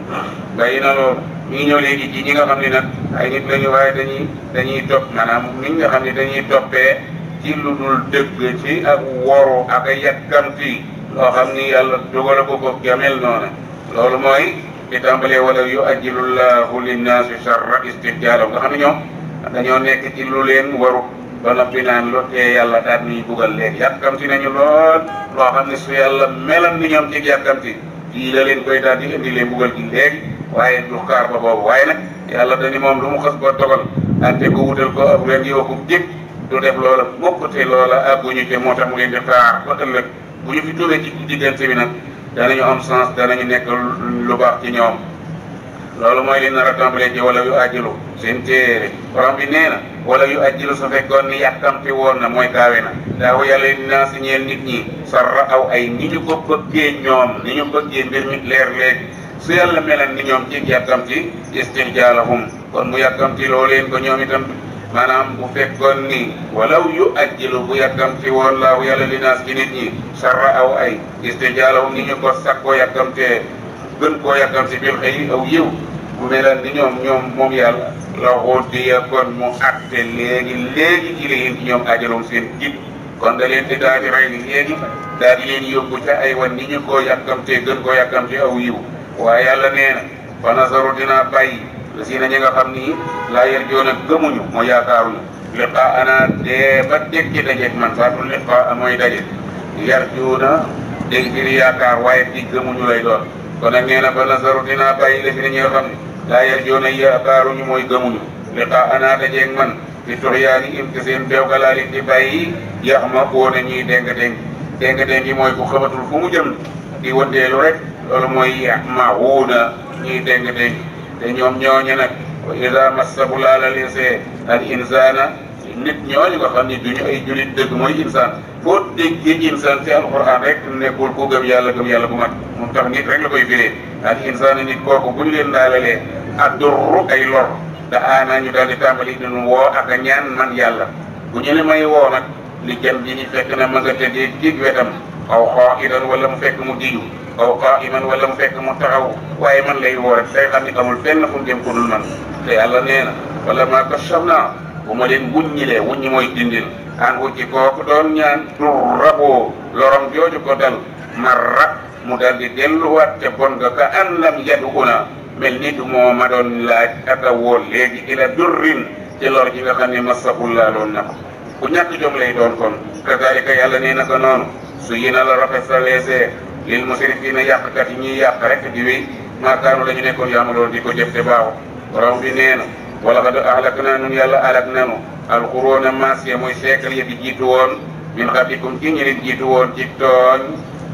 bàyyi na loolu ñu ngi ñëw léegi ci ñi nga xam ne nag ay nit lañu waaye dañuy dañuy topp maanaam nit nga xam ne dañuy toppee ci lu dul dëgg ci ak woru ak yàkkamti loo xam ni yàlla dogala ko ko jamel noonu loolu mooy di tàmbalee wala yu ajilullahu linnaasi sarra istijaalam nga xam ne ñoom dañoo nekk ci lu leen waru ba noppi naan lottee yàlla daal ñuy bugal léegi yàkkamti nañu lool loo xam ne su yàlla melam ni ñoom ci yàkkamti fii la leen koy daal di leen bugal gi léegi waaye du duxkaar ba boobu waaye nag yàlla dañu moom lu mu xas ba dogal ante ko wutal ko ak leen yow ko jëkk du def loola mukk te loola àgguñu te moo tax mu leen di xaar ba bu ñu fi tuubee ci diggante bi nag danañu am sens ñu nekk lu baax ci ñoom loolu mooy li nar a tàmbalee ci wala yu àjjilu seen téere borom bi wala yu àjjilu su fekkoon ni yàkkamti woon na mooy gaawe na daaw yàlla dinaa si ñeel nit ñi sarra aw ay ni ñu ko bëggee ñoom ni ñu bëggee mbir mi leer léegi su yàlla melan ni ñoom ci yàkkamti istijaalahum kon mu yàkkamti loo leen ko ñoom itam maanaam bu fekkoon ni walaw yu ajjilu bu yàkkamti woon laaw yàlla linaas ci nit ñi sarra aw ay istijaalahum ni ñu ko sakkoo yàkkamtee gën koo yàkkamti bil xëyri aw yiw bu melal di ñoom ñoom moom yàlla la xuddiya kon mu àtte léegi léegi ilayhim ñoom ajalum seen jib kon da leen di daal di rey léegi daal leen yóbbu ca ay wan ni ñu koo yàkkamtee gën koo yàkkamti aw yiw waaye yàlla nee na fa nasaru dinaa bàyyi la si na ñi nga xam ni laa yar joon a gëmuñu mooy yaakaaruñu liqaa ana dee ba dekki dajeeg man faatul liqaa mooy daje yar joona dégg yaakaar waaye di gëmuñu lay doon kon nag nee na ba nasaru dinaa bàyyi la fi ne ñoo xam ne laa yarjuuna yaakaaruñu mooy gëmuñu liqaa anaa dajeeg man fi tuxyaani im te seen beew galaa leen di bàyyi yax ma woo na ñuy dénk-dénk dénk mooy ku xamatul fu mu jëm di wëndeelu rek loolu mooy ma woo na ñuy dénk-dénk te ñoom ñooñu nag ida massahu laala linsee al insaana nit ñooñu nga xam ni duñu ay jullit dëgg mooy insaan foo déggee insaan ci alxuraan rek nekkul ku gëm yàlla gëm yàlla bu mat mu tax nit rek la koy firee ak insaan nit kooku buñu leen daalalee addurru ay lor da aanaa ñu daal di tàmbali dinu woo ak a ñaan man yàlla bu ñu ne may woo nag li jëm ji ñu fekk na ma nga tëddee dig wetam aw xaa'idan wala mu fekk mu diyu aw qaa'iman wala mu fekk mu taxaw waaye man lay woo rek day xam ni amul fenn fu mu bu ma leen wuññilee wuññi mooy dindil an wujji kooku doon ñaan turraboo lorom jooju ko dal marra mu dal di delluwaat ca bon nga ka an lam yaduna mel ni du moo ma doon laaj ata woo léegi ila durrin ci lor ji nga xam ne la loon na ku ñàkk jom lay doon kon kadalika yàlla nee na ko noonu su yi na la rafet sa leesee lil musrifina yàqkat yi ñuy yàq rek di wéy maakaanu la ñu nekkoon yaamaloon di ko jëf te baaw borom bi nee na wala xad ahlak naa nun yàlla alak nanu alquroona maas ya mooy siècle ya bi jiitu woon min xabikum ci ñi leen jiitu woon ci tooñ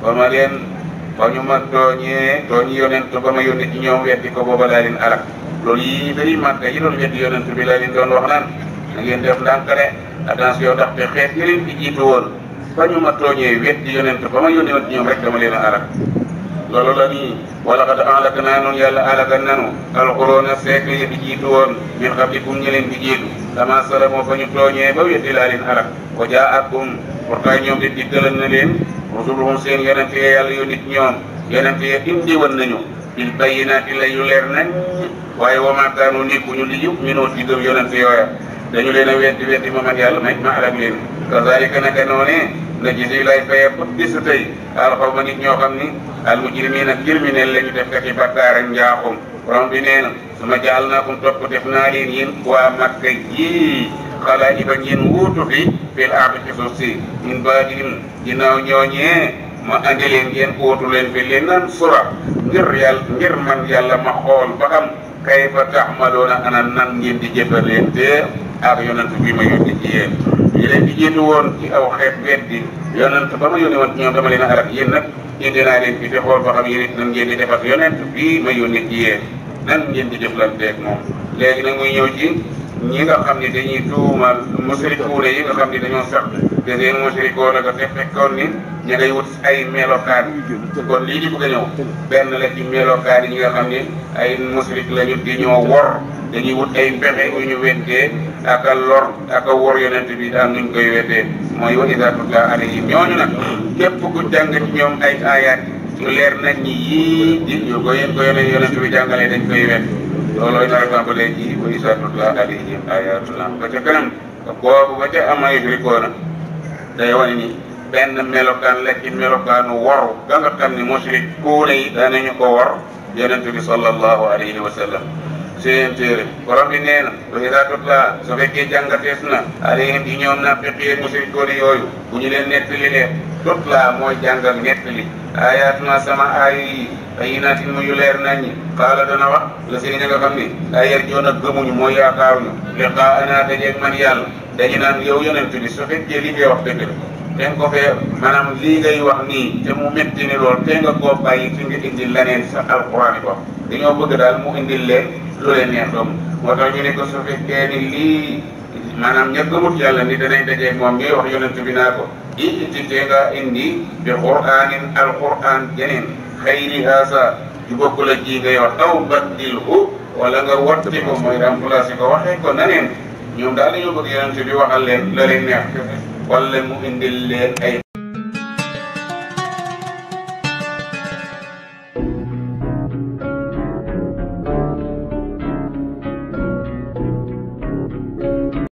ba ma leen ba ñu ma tooñee tooñi yonent ba ma yónni ci ñoom weddi ko booba laa leen alak loolu yi bari màkka yi doon weddi bi laa leen doon wax naan na ngeen def ndànkale attention ndax te xeet ñi leen di jiitu woon ba ma tooñee weddi yonent ba ma ci ñoom rek dama leen alak loolu la nii wala xad alak naa noonu yàlla a nanu alxuroona siècle yi fi jiitu woon min xablikum ñi leen di jiitu dama sala moo fa ñu tooñee ba weddi laa leen alak wa jaa akum pourtant ñoom de dikkaloon na leen rusuluhum seen yonent ya yàlla yónni ci ñoom yonent ya indi woon nañu bil bayyinaati lay yu leer nañ waaye wa maa kaanu nekkuñu li yu'minoo ci gëm yonent yooya dañu leen a weddi weddi ma man yàlla may ma alak leen kazalika naka noonee la ji di lay bayee ba bisu tey alxaw ba nit ñoo xam ni almujrimiina criminel la ñu def kat yi bakkaar ak njaaxum bi nee na su jaal naa kum topp def naa leen yéen waa Makka yii xalaa yi ba ngeen wuutu fi fil ardi ci suuf si min baadirim ginnaaw ñooñee ma andi leen ngeen uutu leen fi li nan sura ngir yàlla ngir man yàlla ma xool ba xam kayfa taxmaloona ana nan ngeen di jëfandikoo te ak yonent bi ma yónni ci yéen ñi leen di jiitu woon ci aw xeet weddi yonent ba ma yónni woon ñoom dama leen a arak yéen nag indi naa leen fi te xool ba xam yéen nan ngeen di def ak yonent bi ma yónni ci nan ngeen di jëflanteeg moom léegi nag muy ñëw ci. ñi nga xam ne dañuy tuumal musrikuuna yi nga xam ne dañoo sax dafay musrikoon ak te fekkoon ni ña ngay wut ay melokaan kon lii di bëgg a ñëw benn la ci melokaan yi ñi nga xam ne ay musrik lañu di ñoo wor dañuy wut ay pexe yu ñu weddee ak a lor ak a wor yonent bi daal nuñ koy weddee mooy wa izaa tutlaa alayhim ñooñu nag képp ku jàng ci ñoom ay aayaat leer nañ ñi yii di ñu ko yéen ko yonent bi jàngalee dañ koy wedd looloo nar a tàmbalee ji wa izaa tutlaa alayhim aayaatuna ba ca kanam boobu ba ca amay rikoona day wane benn melokaan la ci melokaanu waru ga nga xam danañu ko war yonent bi sallallahu alayhi wa seen téere borom bi nee na wa izaa tutlaa su fekkee jàngatees na alayhim ci ñoom naafiqiin musrikoon yooyu bu ñu leen nettali leen tutlaa mooy jàngal nettali aayaatuna sama aaya yi bayyinaatin mu yu leer nañ ñi qaala dana wax la seen ña nga xam ni laa yarjuuna gëmuñu mooy yaakaaruñu liqaa'anaa dajeeg man yàlla dañu naan yow yonent bi su fekkee li ngay wax dëgg la te nga ko fee maanaam lii ngay wax nii te mu métti ni lool te nga koo bàyyi fi nga indil leneen sa alxuraan yi ko dañoo bëgg daal mu indil leen lu leen neex doomu moo tax ñu ne ko su fekkee ni lii maanaam ña gëmut yàlla ni danañ dajeeg moom ngay wax yonent bi ko i itti te nga indi bi quraanin alquran jeneen xayri haasa ju bokkul ak ji ngay wax aw baddil hu wala nga wotti ko mooy remplacé ko waxee ko naneen ñoom daal dañoo bëgg yonent bi waxal leen la leen neex wala mu indil leen ay